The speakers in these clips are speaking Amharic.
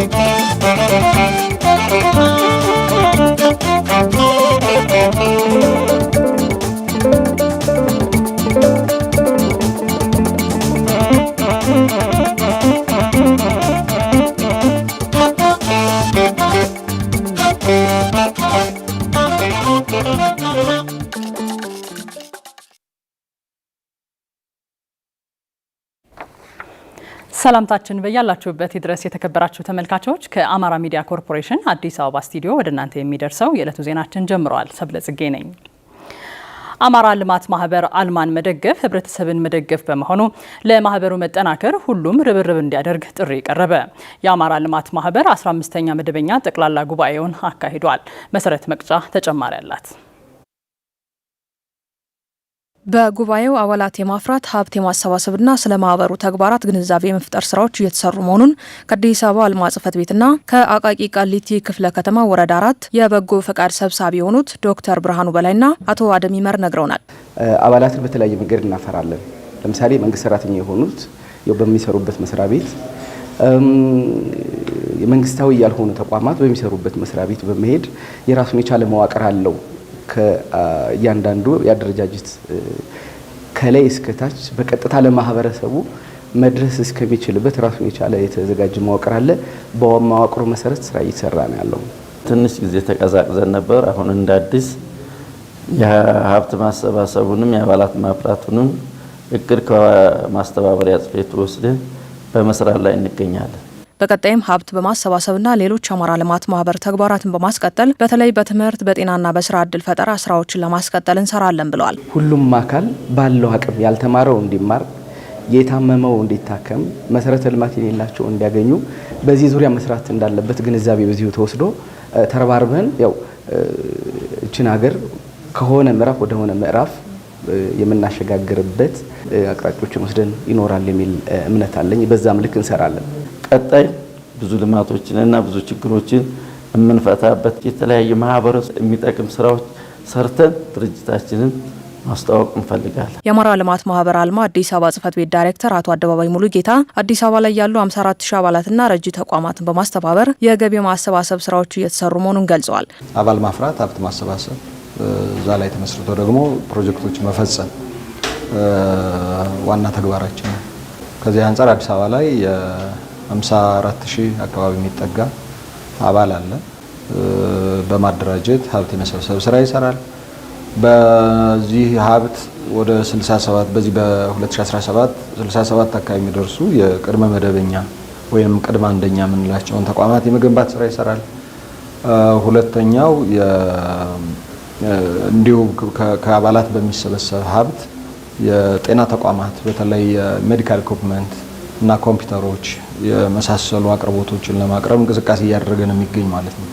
Thank you. ሰላምታችን በያላችሁበት ድረስ የተከበራችሁ ተመልካቾች። ከአማራ ሚዲያ ኮርፖሬሽን አዲስ አበባ ስቱዲዮ ወደ እናንተ የሚደርሰው የዕለቱ ዜናችን ጀምረዋል። ጽጌ ነኝ። አማራ ልማት ማህበር አልማን መደገፍ ህብረተሰብን መደገፍ በመሆኑ ለማህበሩ መጠናከር ሁሉም ርብርብ እንዲያደርግ ጥሪ ቀረበ። የአማራ ልማት ማህበር 15ኛ መደበኛ ጠቅላላ ጉባኤውን አካሂዷል። መሰረት መቅጫ ተጨማሪ አላት። በጉባኤው አባላት የማፍራት ሀብት የማሰባሰብና ስለ ማህበሩ ተግባራት ግንዛቤ የመፍጠር ስራዎች እየተሰሩ መሆኑን ከአዲስ አበባ አልማ ጽሕፈት ቤትና ከአቃቂ ቃሊቲ ክፍለ ከተማ ወረዳ አራት የበጎ ፈቃድ ሰብሳቢ የሆኑት ዶክተር ብርሃኑ በላይና አቶ አደሚመር ነግረውናል። አባላትን በተለያየ መንገድ እናፈራለን። ለምሳሌ መንግስት ሰራተኛ የሆኑት በሚሰሩበት መስሪያ ቤት የመንግስታዊ ያልሆኑ ተቋማት በሚሰሩበት መስሪያ ቤት በመሄድ የራሱን የቻለ መዋቅር አለው ከእያንዳንዱ የአደረጃጀት ከላይ እስከታች በቀጥታ ለማህበረሰቡ መድረስ እስከሚችልበት ራሱን የቻለ የተዘጋጀ መዋቅር አለ። በመዋቅሩ መሰረት ስራ እየተሰራ ነው ያለው። ትንሽ ጊዜ ተቀዛቅዘን ነበር። አሁን እንደ አዲስ የሀብት ማሰባሰቡንም የአባላት ማፍራቱንም እቅድ ከማስተባበሪያ ጽሕፈት ቤቱ ወስደን በመስራት ላይ እንገኛለን። በቀጣይም ሀብት በማሰባሰብና ሌሎች አማራ ልማት ማህበር ተግባራትን በማስቀጠል በተለይ በትምህርት በጤናና በስራ እድል ፈጠራ ስራዎችን ለማስቀጠል እንሰራለን ብለዋል። ሁሉም አካል ባለው አቅም ያልተማረው እንዲማር የታመመው እንዲታከም መሰረተ ልማት የሌላቸው እንዲያገኙ በዚህ ዙሪያ መስራት እንዳለበት ግንዛቤ በዚሁ ተወስዶ ተረባርበን ያው እችን ሀገር ከሆነ ምዕራፍ ወደ ሆነ ምዕራፍ የምናሸጋግርበት አቅጣጫዎችን ወስደን ይኖራል የሚል እምነት አለኝ። በዛ ልክ እንሰራለን። ቀጣይ ብዙ ልማቶችን እና ብዙ ችግሮችን የምንፈታበት የተለያየ ማህበረሰብ የሚጠቅም ስራዎች ሰርተን ድርጅታችንን ማስተዋወቅ እንፈልጋለን። የአማራ ልማት ማህበር አልማ አዲስ አበባ ጽህፈት ቤት ዳይሬክተር አቶ አደባባይ ሙሉ ጌታ አዲስ አበባ ላይ ያሉ 54 ሺህ አባላትና ረጅ ተቋማትን በማስተባበር የገቢ ማሰባሰብ ስራዎች እየተሰሩ መሆኑን ገልጸዋል። አባል ማፍራት፣ ሀብት ማሰባሰብ፣ እዛ ላይ ተመስርቶ ደግሞ ፕሮጀክቶች መፈጸም ዋና ተግባራችን ነው። ከዚህ አንጻር አዲስ አበባ ላይ 54 ሺህ አካባቢ የሚጠጋ አባል አለ። በማደራጀት ሀብት የመሰብሰብ ስራ ይሰራል። በዚህ ሀብት ወደ 67 በዚህ በ2017 67 አካባቢ የሚደርሱ የቅድመ መደበኛ ወይም ቅድመ አንደኛ የምንላቸውን ተቋማት የመገንባት ስራ ይሰራል። ሁለተኛው እንዲሁ ከአባላት በሚሰበሰብ ሀብት የጤና ተቋማት በተለይ የሜዲካል ኢኩፕመንት እና ኮምፒውተሮች የመሳሰሉ አቅርቦቶችን ለማቅረብ እንቅስቃሴ እያደረገ ነው የሚገኝ ማለት ነው።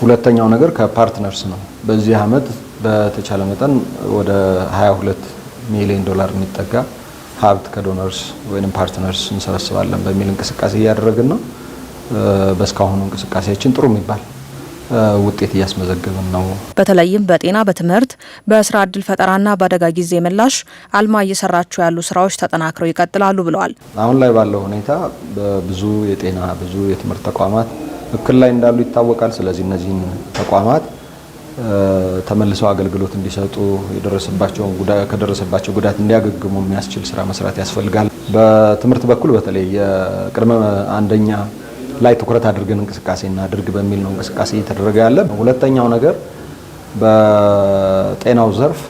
ሁለተኛው ነገር ከፓርትነርስ ነው። በዚህ አመት በተቻለ መጠን ወደ 22 ሚሊዮን ዶላር የሚጠጋ ሀብት ከዶነርስ ወይም ፓርትነርስ እንሰበስባለን በሚል እንቅስቃሴ እያደረግን ነው። በእስካሁኑ እንቅስቃሴያችን ጥሩ የሚባል ውጤት እያስመዘገብን ነው። በተለይም በጤና፣ በትምህርት፣ በስራ እድል ፈጠራና በአደጋ ጊዜ ምላሽ አልማ እየሰራቸው ያሉ ስራዎች ተጠናክረው ይቀጥላሉ ብለዋል። አሁን ላይ ባለው ሁኔታ በብዙ የጤና ብዙ የትምህርት ተቋማት እክል ላይ እንዳሉ ይታወቃል። ስለዚህ እነዚህን ተቋማት ተመልሰው አገልግሎት እንዲሰጡ ከደረሰባቸው ጉዳት እንዲያገግሙ የሚያስችል ስራ መስራት ያስፈልጋል። በትምህርት በኩል በተለይ የቅድመ አንደኛ ላይ ትኩረት አድርገን እንቅስቃሴ እናድርግ በሚል ነው እንቅስቃሴ እየተደረገ ያለ። ሁለተኛው ነገር በጤናው ዘርፍ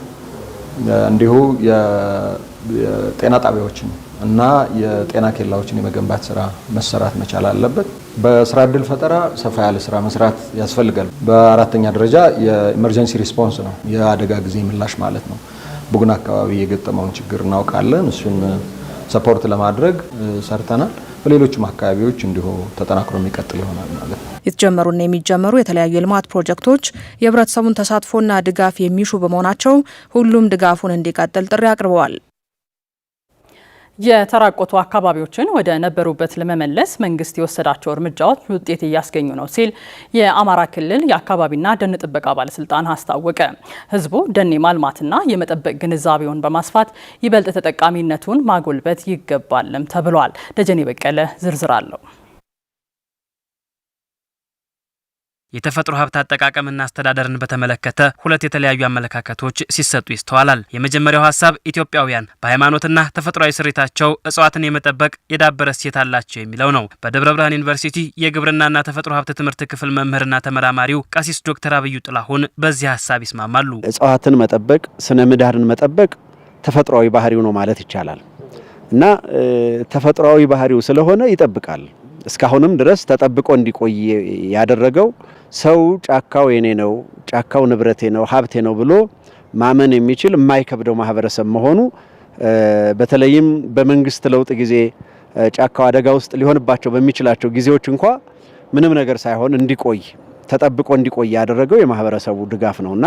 እንዲሁ የጤና ጣቢያዎችን እና የጤና ኬላዎችን የመገንባት ስራ መሰራት መቻል አለበት። በስራ እድል ፈጠራ ሰፋ ያለ ስራ መስራት ያስፈልጋል። በአራተኛ ደረጃ የኢመርጀንሲ ሪስፖንስ ነው፣ የአደጋ ጊዜ ምላሽ ማለት ነው። ቡግና አካባቢ የገጠመውን ችግር እናውቃለን። እሱን ሰፖርት ለማድረግ ሰርተናል። በሌሎችም አካባቢዎች እንዲሁ ተጠናክሮ የሚቀጥል ይሆናል ማለት ነው። የተጀመሩና የሚጀመሩ የተለያዩ የልማት ፕሮጀክቶች የህብረተሰቡን ተሳትፎና ድጋፍ የሚሹ በመሆናቸው ሁሉም ድጋፉን እንዲቀጥል ጥሪ አቅርበዋል። የተራቆቱ አካባቢዎችን ወደ ነበሩበት ለመመለስ መንግስት የወሰዳቸው እርምጃዎች ውጤት እያስገኙ ነው ሲል የአማራ ክልል የአካባቢና ደን ጥበቃ ባለስልጣን አስታወቀ። ህዝቡ ደን የማልማትና የመጠበቅ ግንዛቤውን በማስፋት ይበልጥ ተጠቃሚነቱን ማጎልበት ይገባልም ተብሏል። ደጀኔ በቀለ ዝርዝር አለው። የተፈጥሮ ሀብት አጠቃቀምና አስተዳደርን በተመለከተ ሁለት የተለያዩ አመለካከቶች ሲሰጡ ይስተዋላል። የመጀመሪያው ሀሳብ ኢትዮጵያውያን በሃይማኖትና ተፈጥሯዊ ስሪታቸው እጽዋትን የመጠበቅ የዳበረ እሴት አላቸው የሚለው ነው። በደብረ ብርሃን ዩኒቨርሲቲ የግብርናና ተፈጥሮ ሀብት ትምህርት ክፍል መምህርና ተመራማሪው ቀሲስ ዶክተር አብዩ ጥላሁን በዚህ ሀሳብ ይስማማሉ። እጽዋትን መጠበቅ፣ ስነ ምህዳርን መጠበቅ ተፈጥሯዊ ባህሪው ነው ማለት ይቻላል እና ተፈጥሯዊ ባህሪው ስለሆነ ይጠብቃል እስካሁንም ድረስ ተጠብቆ እንዲቆይ ያደረገው ሰው ጫካው የኔ ነው፣ ጫካው ንብረቴ ነው፣ ሀብቴ ነው ብሎ ማመን የሚችል የማይከብደው ማህበረሰብ መሆኑ በተለይም በመንግስት ለውጥ ጊዜ ጫካው አደጋ ውስጥ ሊሆንባቸው በሚችላቸው ጊዜዎች እንኳ ምንም ነገር ሳይሆን እንዲቆይ ተጠብቆ እንዲቆይ ያደረገው የማህበረሰቡ ድጋፍ ነውና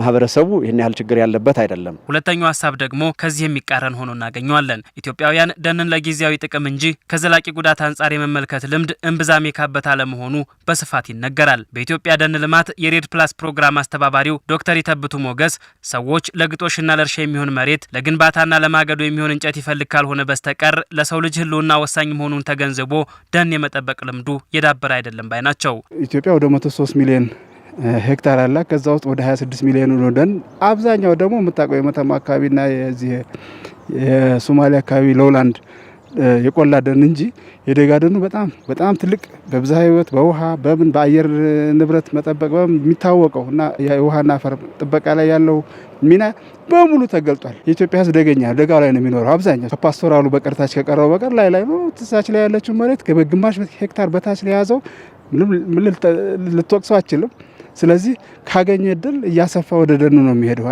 ማህበረሰቡ ይህን ያህል ችግር ያለበት አይደለም። ሁለተኛው ሀሳብ ደግሞ ከዚህ የሚቃረን ሆኖ እናገኘዋለን። ኢትዮጵያውያን ደንን ለጊዜያዊ ጥቅም እንጂ ከዘላቂ ጉዳት አንጻር የመመልከት ልምድ እምብዛም የካበት አለመሆኑ በስፋት ይነገራል። በኢትዮጵያ ደን ልማት የሬድ ፕላስ ፕሮግራም አስተባባሪው ዶክተር ይተብቱ ሞገስ ሰዎች ለግጦሽና ለእርሻ የሚሆን መሬት ለግንባታና ለማገዶ የሚሆን እንጨት ይፈልግ ካልሆነ በስተቀር ለሰው ልጅ ህልና ወሳኝ መሆኑን ተገንዝቦ ደን የመጠበቅ ልምዱ የዳበረ አይደለም ባይ ናቸው። ኢትዮጵያ ወደ መቶ 3 ሚሊዮን ሄክታር አላት። ከዛ ውስጥ ወደ 26 ሚሊዮን ነው ደን። አብዛኛው ደግሞ የምታውቀው የመተማ አካባቢና የዚህ የሶማሊያ አካባቢ ሎውላንድ የቆላ ደን እንጂ የደጋ ደኑ በጣም በጣም ትልቅ በብዝሃ ህይወት በውሃ በምን በአየር ንብረት መጠበቅ የሚታወቀው እና የውሃና አፈር ጥበቃ ላይ ያለው ሚና በሙሉ ተገልጧል። የኢትዮጵያ ሕዝብ ደገኛ ደጋው ላይ ነው የሚኖረው አብዛኛው ከፓስቶራሉ በቀርታች ከቀረው በቀር ላይ ላይ ነው ትሳች ላይ ያለችው መሬት በግማሽ ሄክታር በታች ላይ የያዘው ምንም ልትወቅሰው አችልም። ስለዚህ ካገኘ እድል እያሰፋ ወደ ደኑ ነው የሚሄደው።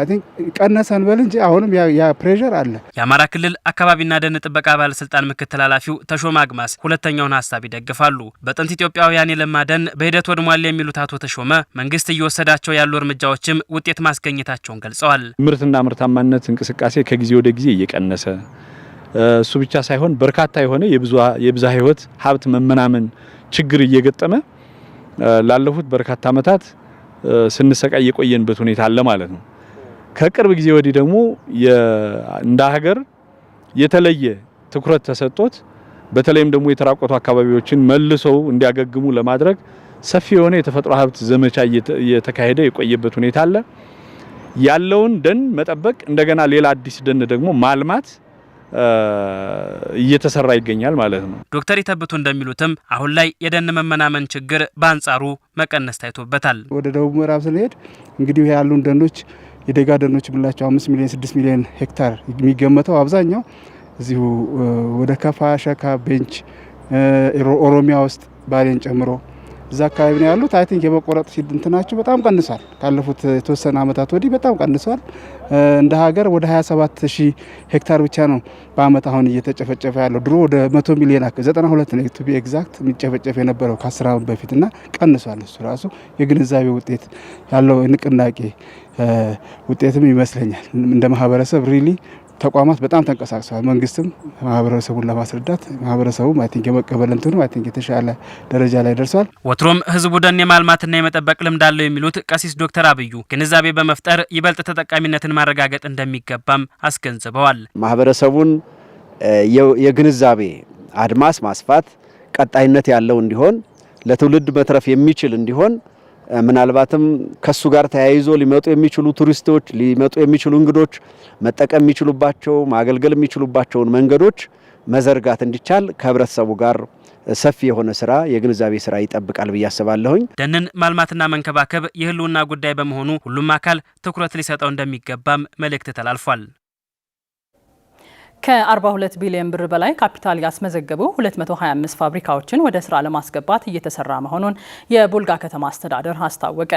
ቀነሰን በል እንጂ አሁንም ያ ፕሬዠር አለ። የአማራ ክልል አካባቢና ደን ጥበቃ ባለስልጣን ምክትል ኃላፊው ተሾመ አግማስ ሁለተኛውን ሀሳብ ይደግፋሉ። በጥንት ኢትዮጵያውያን የለማ ደን በሂደት ወድሟል የሚሉት አቶ ተሾመ መንግስት እየወሰዳቸው ያሉ እርምጃዎችም ውጤት ማስገኘታቸውን ገልጸዋል። ምርትና ምርታማነት እንቅስቃሴ ከጊዜ ወደ ጊዜ እየቀነሰ እሱ ብቻ ሳይሆን በርካታ የሆነ የብዝሃ ህይወት ሀብት መመናመን ችግር እየገጠመ ላለፉት በርካታ አመታት ስንሰቃይ የቆየንበት ሁኔታ አለ ማለት ነው። ከቅርብ ጊዜ ወዲህ ደግሞ እንደ ሀገር የተለየ ትኩረት ተሰጥቶት በተለይም ደግሞ የተራቆቱ አካባቢዎችን መልሰው እንዲያገግሙ ለማድረግ ሰፊ የሆነ የተፈጥሮ ሀብት ዘመቻ እየተካሄደ የቆየበት ሁኔታ አለ። ያለውን ደን መጠበቅ እንደገና ሌላ አዲስ ደን ደግሞ ማልማት እየተሰራ ይገኛል ማለት ነው። ዶክተር ኢተብቱ እንደሚሉትም አሁን ላይ የደን መመናመን ችግር በአንጻሩ መቀነስ ታይቶበታል። ወደ ደቡብ ምዕራብ ስንሄድ እንግዲህ ያሉን ደኖች የደጋ ደኖች ብላቸው አምስት ሚሊዮን ስድስት ሚሊዮን ሄክታር የሚገመተው አብዛኛው እዚሁ ወደ ከፋ፣ ሸካ፣ ቤንች፣ ኦሮሚያ ውስጥ ባሌን ጨምሮ እዛ አካባቢ ነው ያሉት። አይ ቲንክ የመቆረጥ እንትናቸው በጣም ቀንሷል። ካለፉት የተወሰነ አመታት ወዲህ በጣም ቀንሷል። እንደ ሀገር ወደ 27 ሺህ ሄክታር ብቻ ነው በአመት አሁን እየተጨፈጨፈ ያለው። ድሮ ወደ 100 ሚሊዮን አካባቢ 92 ነው ቱ ኤግዛክት የሚጨፈጨፈ የነበረው ከ10 ዓመት በፊት እና ቀንሷል። እሱ ራሱ የግንዛቤ ውጤት ያለው ንቅናቄ ውጤትም ይመስለኛል እንደ ማህበረሰብ ሪሊ ተቋማት በጣም ተንቀሳቅሰዋል። መንግስትም ማህበረሰቡን ለማስረዳት ማህበረሰቡ ማቲንክ የመቀበል እንትኑ ማቲንክ የተሻለ ደረጃ ላይ ደርሷል። ወትሮም ህዝቡ ደን የማልማትና የመጠበቅ ልምድ አለው የሚሉት ቀሲስ ዶክተር አብዩ ግንዛቤ በመፍጠር ይበልጥ ተጠቃሚነትን ማረጋገጥ እንደሚገባም አስገንዝበዋል። ማህበረሰቡን የግንዛቤ አድማስ ማስፋት ቀጣይነት ያለው እንዲሆን ለትውልድ መትረፍ የሚችል እንዲሆን ምናልባትም ከሱ ጋር ተያይዞ ሊመጡ የሚችሉ ቱሪስቶች ሊመጡ የሚችሉ እንግዶች መጠቀም የሚችሉባቸው ማገልገል የሚችሉባቸውን መንገዶች መዘርጋት እንዲቻል ከህብረተሰቡ ጋር ሰፊ የሆነ ስራ የግንዛቤ ስራ ይጠብቃል ብዬ አስባለሁኝ። ደንን ማልማትና መንከባከብ የህልውና ጉዳይ በመሆኑ ሁሉም አካል ትኩረት ሊሰጠው እንደሚገባም መልእክት ተላልፏል። ከ42 ቢሊዮን ብር በላይ ካፒታል ያስመዘገቡ 225 ፋብሪካዎችን ወደ ስራ ለማስገባት እየተሰራ መሆኑን የቦልጋ ከተማ አስተዳደር አስታወቀ።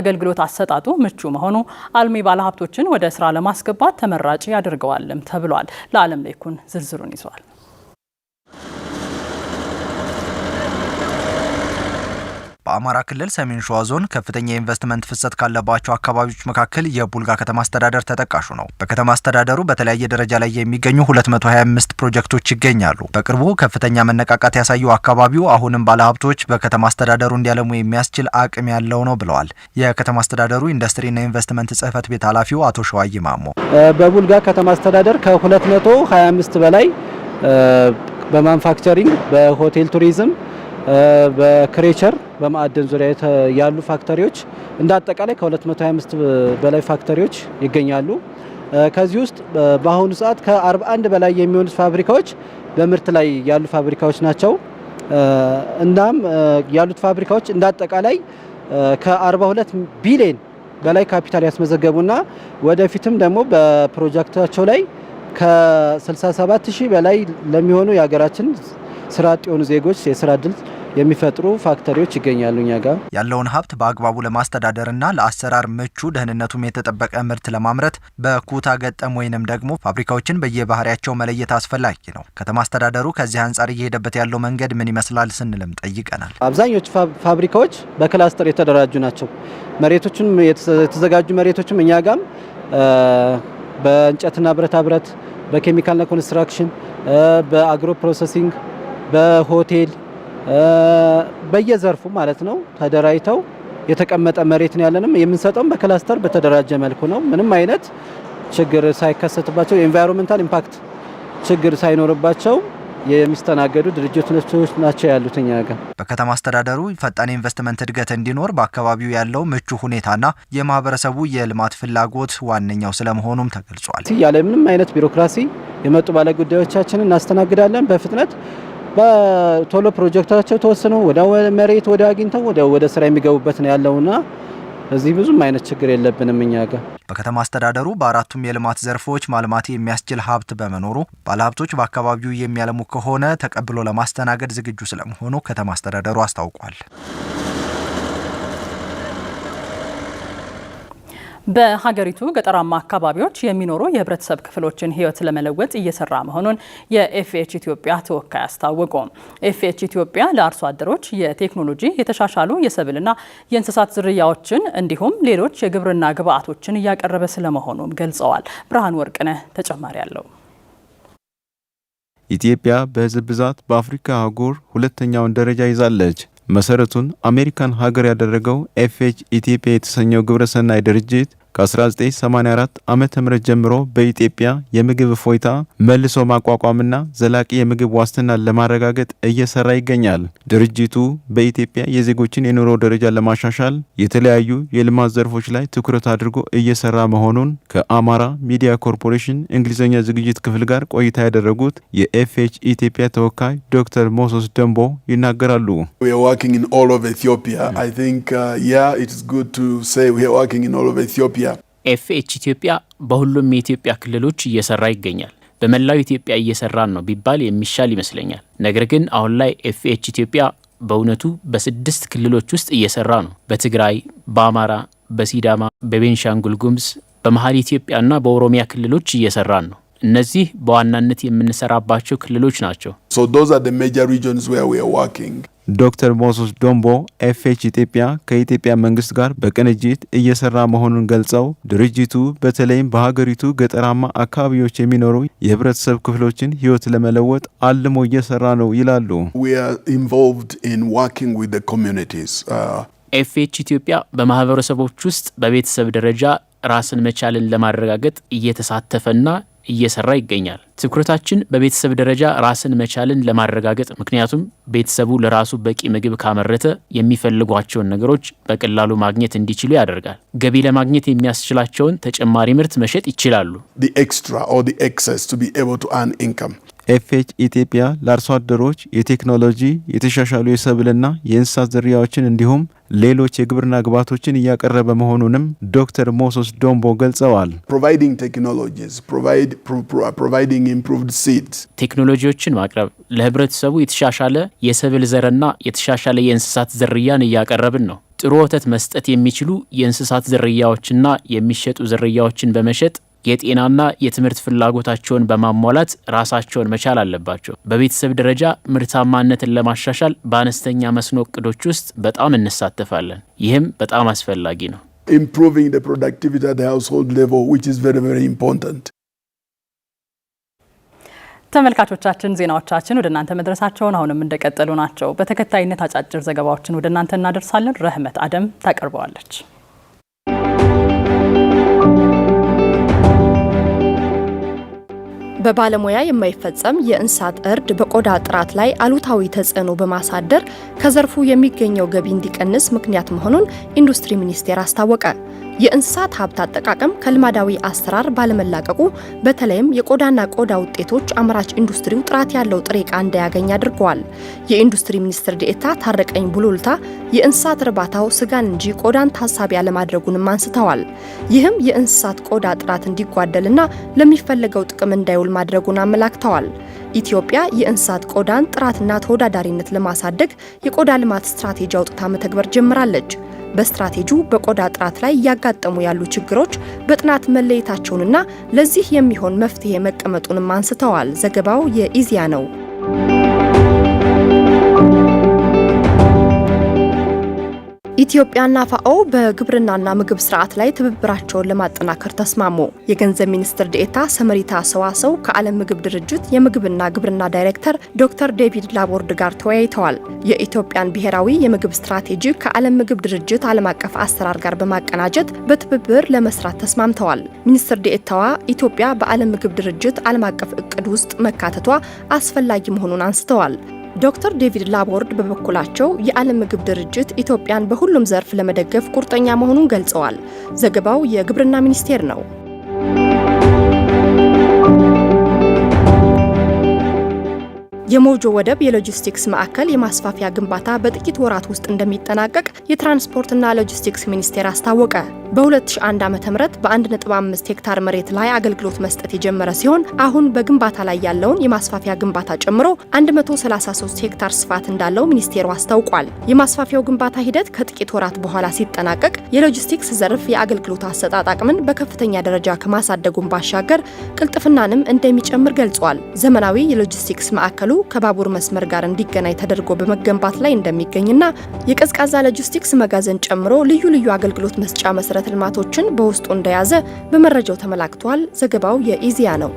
አገልግሎት አሰጣጡ ምቹ መሆኑ አልሚ ባለሀብቶችን ወደ ስራ ለማስገባት ተመራጭ ያደርገዋልም ተብሏል። ለዓለም ላይኩን ዝርዝሩን ይዟል። በአማራ ክልል ሰሜን ሸዋ ዞን ከፍተኛ የኢንቨስትመንት ፍሰት ካለባቸው አካባቢዎች መካከል የቡልጋ ከተማ አስተዳደር ተጠቃሹ ነው። በከተማ አስተዳደሩ በተለያየ ደረጃ ላይ የሚገኙ 225 ፕሮጀክቶች ይገኛሉ። በቅርቡ ከፍተኛ መነቃቃት ያሳየው አካባቢው አሁንም ባለሀብቶች በከተማ አስተዳደሩ እንዲያለሙ የሚያስችል አቅም ያለው ነው ብለዋል። የከተማ አስተዳደሩ ኢንዱስትሪና ኢንቨስትመንት ጽህፈት ቤት ኃላፊው አቶ ሸዋይ ማሞ በቡልጋ ከተማ አስተዳደር ከ225 በላይ በማንፋክቸሪንግ፣ በሆቴል ቱሪዝም በክሬቸር በማዕድን ዙሪያ ያሉ ፋክተሪዎች እንደ አጠቃላይ ከ225 በላይ ፋክተሪዎች ይገኛሉ። ከዚህ ውስጥ በአሁኑ ሰዓት ከ41 በላይ የሚሆኑት ፋብሪካዎች በምርት ላይ ያሉ ፋብሪካዎች ናቸው። እናም ያሉት ፋብሪካዎች እንደ አጠቃላይ ከ42 ቢሊዮን በላይ ካፒታል ያስመዘገቡና ወደፊትም ደግሞ በፕሮጀክታቸው ላይ ከ67 ሺህ በላይ ለሚሆኑ የሀገራችን ስራ አጥ የሆኑ ዜጎች የስራ እድል የሚፈጥሩ ፋክተሪዎች ይገኛሉ። እኛ ጋር ያለውን ሀብት በአግባቡ ለማስተዳደርና ለአሰራር ምቹ ደህንነቱም የተጠበቀ ምርት ለማምረት በኩታ ገጠም ወይንም ደግሞ ፋብሪካዎችን በየባህሪያቸው መለየት አስፈላጊ ነው። ከተማ አስተዳደሩ ከዚህ አንጻር እየሄደበት ያለው መንገድ ምን ይመስላል ስንልም ጠይቀናል። አብዛኞቹ ፋብሪካዎች በክላስተር የተደራጁ ናቸው። መሬቶችም የተዘጋጁ መሬቶችም እኛ ጋም በእንጨትና ብረታ ብረት፣ በኬሚካልና ኮንስትራክሽን፣ በአግሮ ፕሮሰሲንግ፣ በሆቴል በየዘርፉ ማለት ነው ተደራጅተው የተቀመጠ መሬት ነው ያለንም የምንሰጠውም በክላስተር በተደራጀ መልኩ ነው። ምንም አይነት ችግር ሳይከሰትባቸው የኢንቫይሮንመንታል ኢምፓክት ችግር ሳይኖርባቸው የሚስተናገዱ ድርጅቶች ናቸው ያሉት እኛ ጋር። በከተማ አስተዳደሩ ፈጣን ኢንቨስትመንት እድገት እንዲኖር በአካባቢው ያለው ምቹ ሁኔታና የማህበረሰቡ የልማት ፍላጎት ዋነኛው ስለመሆኑም ተገልጿል። ምንም አይነት ቢሮክራሲ የመጡ ባለጉዳዮቻችንን እናስተናግዳለን በፍጥነት በቶሎ ፕሮጀክታቸው ተወስነው ወደ መሬት ወደ አግኝተው ወደ ስራ የሚገቡበት ነው ያለውና እዚህ ብዙም አይነት ችግር የለብንም እኛ ጋር። በከተማ አስተዳደሩ በአራቱም የልማት ዘርፎች ማልማት የሚያስችል ሀብት በመኖሩ ባለሀብቶች በአካባቢው የሚያለሙ ከሆነ ተቀብሎ ለማስተናገድ ዝግጁ ስለመሆኑ ከተማ አስተዳደሩ አስታውቋል። በሀገሪቱ ገጠራማ አካባቢዎች የሚኖሩ የህብረተሰብ ክፍሎችን ህይወት ለመለወጥ እየሰራ መሆኑን የኤፍኤች ኢትዮጵያ ተወካይ አስታወቁ። ኤፍኤች ኢትዮጵያ ለአርሶ አደሮች የቴክኖሎጂ የተሻሻሉ የሰብልና የእንስሳት ዝርያዎችን እንዲሁም ሌሎች የግብርና ግብዓቶችን እያቀረበ ስለመሆኑም ገልጸዋል። ብርሃን ወርቅነህ ተጨማሪ አለው። ኢትዮጵያ በህዝብ ብዛት በአፍሪካ አህጉር ሁለተኛውን ደረጃ ይዛለች። መሰረቱን አሜሪካን ሀገር ያደረገው ኤፍኤች ኢትዮጵያ የተሰኘው ግብረሰናይ ድርጅት ከ1984 ዓ ም ጀምሮ በኢትዮጵያ የምግብ እፎይታ መልሶ ማቋቋምና ዘላቂ የምግብ ዋስትናን ለማረጋገጥ እየሰራ ይገኛል። ድርጅቱ በኢትዮጵያ የዜጎችን የኑሮ ደረጃ ለማሻሻል የተለያዩ የልማት ዘርፎች ላይ ትኩረት አድርጎ እየሰራ መሆኑን ከአማራ ሚዲያ ኮርፖሬሽን እንግሊዝኛ ዝግጅት ክፍል ጋር ቆይታ ያደረጉት የኤፍኤች ኢትዮጵያ ተወካይ ዶክተር ሞሶስ ደንቦ ይናገራሉ። ኢትዮጵያ ኤፍኤች ኢትዮጵያ በሁሉም የኢትዮጵያ ክልሎች እየሰራ ይገኛል። በመላው ኢትዮጵያ እየሰራን ነው ቢባል የሚሻል ይመስለኛል። ነገር ግን አሁን ላይ ኤፍኤች ኢትዮጵያ በእውነቱ በስድስት ክልሎች ውስጥ እየሰራ ነው። በትግራይ፣ በአማራ፣ በሲዳማ፣ በቤንሻንጉል ጉምዝ፣ በመሀል ኢትዮጵያና በኦሮሚያ ክልሎች እየሰራን ነው። እነዚህ በዋናነት የምንሰራባቸው ክልሎች ናቸው። ዶክተር ሞሶስ ዶምቦ ኤፍኤች ኢትዮጵያ ከኢትዮጵያ መንግስት ጋር በቅንጅት እየሰራ መሆኑን ገልጸው ድርጅቱ በተለይም በሀገሪቱ ገጠራማ አካባቢዎች የሚኖሩ የህብረተሰብ ክፍሎችን ህይወት ለመለወጥ አልሞ እየሰራ ነው ይላሉ። uh, ኤፍኤች ኢትዮጵያ በማህበረሰቦች ውስጥ በቤተሰብ ደረጃ ራስን መቻልን ለማረጋገጥ እየተሳተፈና y ese rey Genial. ትኩረታችን በቤተሰብ ደረጃ ራስን መቻልን ለማረጋገጥ፣ ምክንያቱም ቤተሰቡ ለራሱ በቂ ምግብ ካመረተ የሚፈልጓቸውን ነገሮች በቀላሉ ማግኘት እንዲችሉ ያደርጋል። ገቢ ለማግኘት የሚያስችላቸውን ተጨማሪ ምርት መሸጥ ይችላሉ። ኤፍኤች ኢትዮጵያ ለአርሶ አደሮች የቴክኖሎጂ የተሻሻሉ የሰብልና የእንስሳት ዝርያዎችን እንዲሁም ሌሎች የግብርና ግብዓቶችን እያቀረበ መሆኑንም ዶክተር ሞሶስ ዶምቦ ገልጸዋል። ቴክኖሎጂዎችን ማቅረብ ለህብረተሰቡ የተሻሻለ የሰብል ዘርና የተሻሻለ የእንስሳት ዝርያን እያቀረብን ነው። ጥሩ ወተት መስጠት የሚችሉ የእንስሳት ዝርያዎችና የሚሸጡ ዝርያዎችን በመሸጥ የጤናና የትምህርት ፍላጎታቸውን በማሟላት ራሳቸውን መቻል አለባቸው። በቤተሰብ ደረጃ ምርታማነትን ለማሻሻል በአነስተኛ መስኖ እቅዶች ውስጥ በጣም እንሳተፋለን። ይህም በጣም አስፈላጊ ነው። improving the productivity at the household level, which is very, very important. ተመልካቾቻችን ዜናዎቻችን ወደ እናንተ መድረሳቸውን አሁንም እንደቀጠሉ ናቸው። በተከታይነት አጫጭር ዘገባዎችን ወደ እናንተ እናደርሳለን። ረህመት አደም ታቀርበዋለች። በባለሙያ የማይፈጸም የእንስሳት እርድ በቆዳ ጥራት ላይ አሉታዊ ተጽዕኖ በማሳደር ከዘርፉ የሚገኘው ገቢ እንዲቀንስ ምክንያት መሆኑን ኢንዱስትሪ ሚኒስቴር አስታወቀ። የእንስሳት ሀብት አጠቃቀም ከልማዳዊ አሰራር ባለመላቀቁ በተለይም የቆዳና ቆዳ ውጤቶች አምራች ኢንዱስትሪው ጥራት ያለው ጥሬ ዕቃ እንዳያገኝ አድርገዋል። የኢንዱስትሪ ሚኒስትር ዴኤታ ታረቀኝ ቡሉልታ የእንስሳት እርባታው ስጋን እንጂ ቆዳን ታሳቢ አለማድረጉንም አንስተዋል። ይህም የእንስሳት ቆዳ ጥራት እንዲጓደልና ለሚፈለገው ጥቅም እንዳይውል ማድረጉን አመላክተዋል። ኢትዮጵያ የእንስሳት ቆዳን ጥራትና ተወዳዳሪነት ለማሳደግ የቆዳ ልማት ስትራቴጂ አውጥታ መተግበር ጀምራለች። በስትራቴጂው በቆዳ ጥራት ላይ እያጋጠሙ ያሉ ችግሮች በጥናት መለየታቸውንና ለዚህ የሚሆን መፍትሄ መቀመጡንም አንስተዋል። ዘገባው የኢዚያ ነው። ኢትዮጵያና ፋኦ በግብርናና ምግብ ስርዓት ላይ ትብብራቸውን ለማጠናከር ተስማሙ። የገንዘብ ሚኒስትር ዴኤታ ሰመሪታ ሰዋሰው ከዓለም ምግብ ድርጅት የምግብና ግብርና ዳይሬክተር ዶክተር ዴቪድ ላቦርድ ጋር ተወያይተዋል። የኢትዮጵያን ብሔራዊ የምግብ ስትራቴጂ ከዓለም ምግብ ድርጅት ዓለም አቀፍ አሰራር ጋር በማቀናጀት በትብብር ለመስራት ተስማምተዋል። ሚኒስትር ዴኤታዋ ኢትዮጵያ በዓለም ምግብ ድርጅት ዓለም አቀፍ እቅድ ውስጥ መካተቷ አስፈላጊ መሆኑን አንስተዋል። ዶክተር ዴቪድ ላቦርድ በበኩላቸው የዓለም ምግብ ድርጅት ኢትዮጵያን በሁሉም ዘርፍ ለመደገፍ ቁርጠኛ መሆኑን ገልጸዋል። ዘገባው የግብርና ሚኒስቴር ነው። የሞጆ ወደብ የሎጂስቲክስ ማዕከል የማስፋፊያ ግንባታ በጥቂት ወራት ውስጥ እንደሚጠናቀቅ የትራንስፖርትና ሎጂስቲክስ ሚኒስቴር አስታወቀ። በ2001 ዓ ም በ1.5 ሄክታር መሬት ላይ አገልግሎት መስጠት የጀመረ ሲሆን አሁን በግንባታ ላይ ያለውን የማስፋፊያ ግንባታ ጨምሮ 133 ሄክታር ስፋት እንዳለው ሚኒስቴሩ አስታውቋል። የማስፋፊያው ግንባታ ሂደት ከጥቂት ወራት በኋላ ሲጠናቀቅ የሎጂስቲክስ ዘርፍ የአገልግሎት አሰጣጥ አቅምን በከፍተኛ ደረጃ ከማሳደጉን ባሻገር ቅልጥፍናንም እንደሚጨምር ገልጿል። ዘመናዊ የሎጂስቲክስ ማዕከሉ ከባቡር መስመር ጋር እንዲገናኝ ተደርጎ በመገንባት ላይ እንደሚገኝና የቀዝቃዛ ሎጂስቲክስ መጋዘን ጨምሮ ልዩ ልዩ አገልግሎት መስጫ መሰረተ ልማቶችን በውስጡ እንደያዘ በመረጃው ተመላክቷል። ዘገባው የኢዜአ ነው።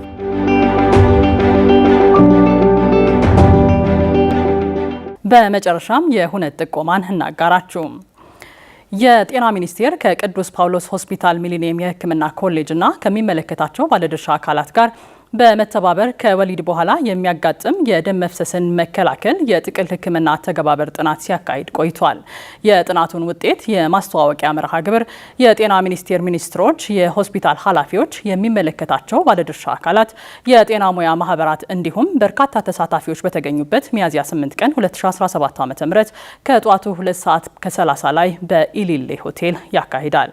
በመጨረሻም የሁነት ጥቆማን እናጋራችሁ። የጤና ሚኒስቴር ከቅዱስ ጳውሎስ ሆስፒታል ሚሊኒየም የሕክምና ኮሌጅና ከሚመለከታቸው ባለድርሻ አካላት ጋር በመተባበር ከወሊድ በኋላ የሚያጋጥም የደም መፍሰስን መከላከል የጥቅል ሕክምና ተገባበር ጥናት ሲያካሂድ ቆይቷል። የጥናቱን ውጤት የማስተዋወቂያ መርሃ ግብር የጤና ሚኒስቴር ሚኒስትሮች፣ የሆስፒታል ኃላፊዎች፣ የሚመለከታቸው ባለድርሻ አካላት፣ የጤና ሙያ ማህበራት እንዲሁም በርካታ ተሳታፊዎች በተገኙበት ሚያዝያ 8 ቀን 2017 .ም ከጠዋቱ 2 ሰዓት ከ30 ላይ በኢሊሌ ሆቴል ያካሂዳል።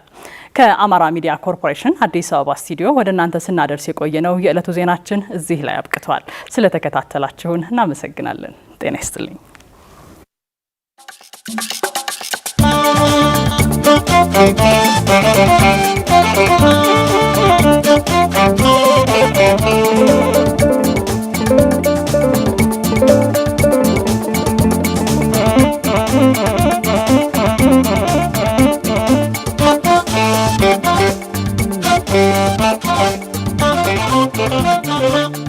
ከአማራ ሚዲያ ኮርፖሬሽን አዲስ አበባ ስቱዲዮ ወደ እናንተ ስናደርስ የቆየ ነው የዕለቱ ዜናችን እዚህ ላይ አብቅተዋል። ስለተከታተላችሁን እናመሰግናለን። ጤና ይስጥልኝ። thank you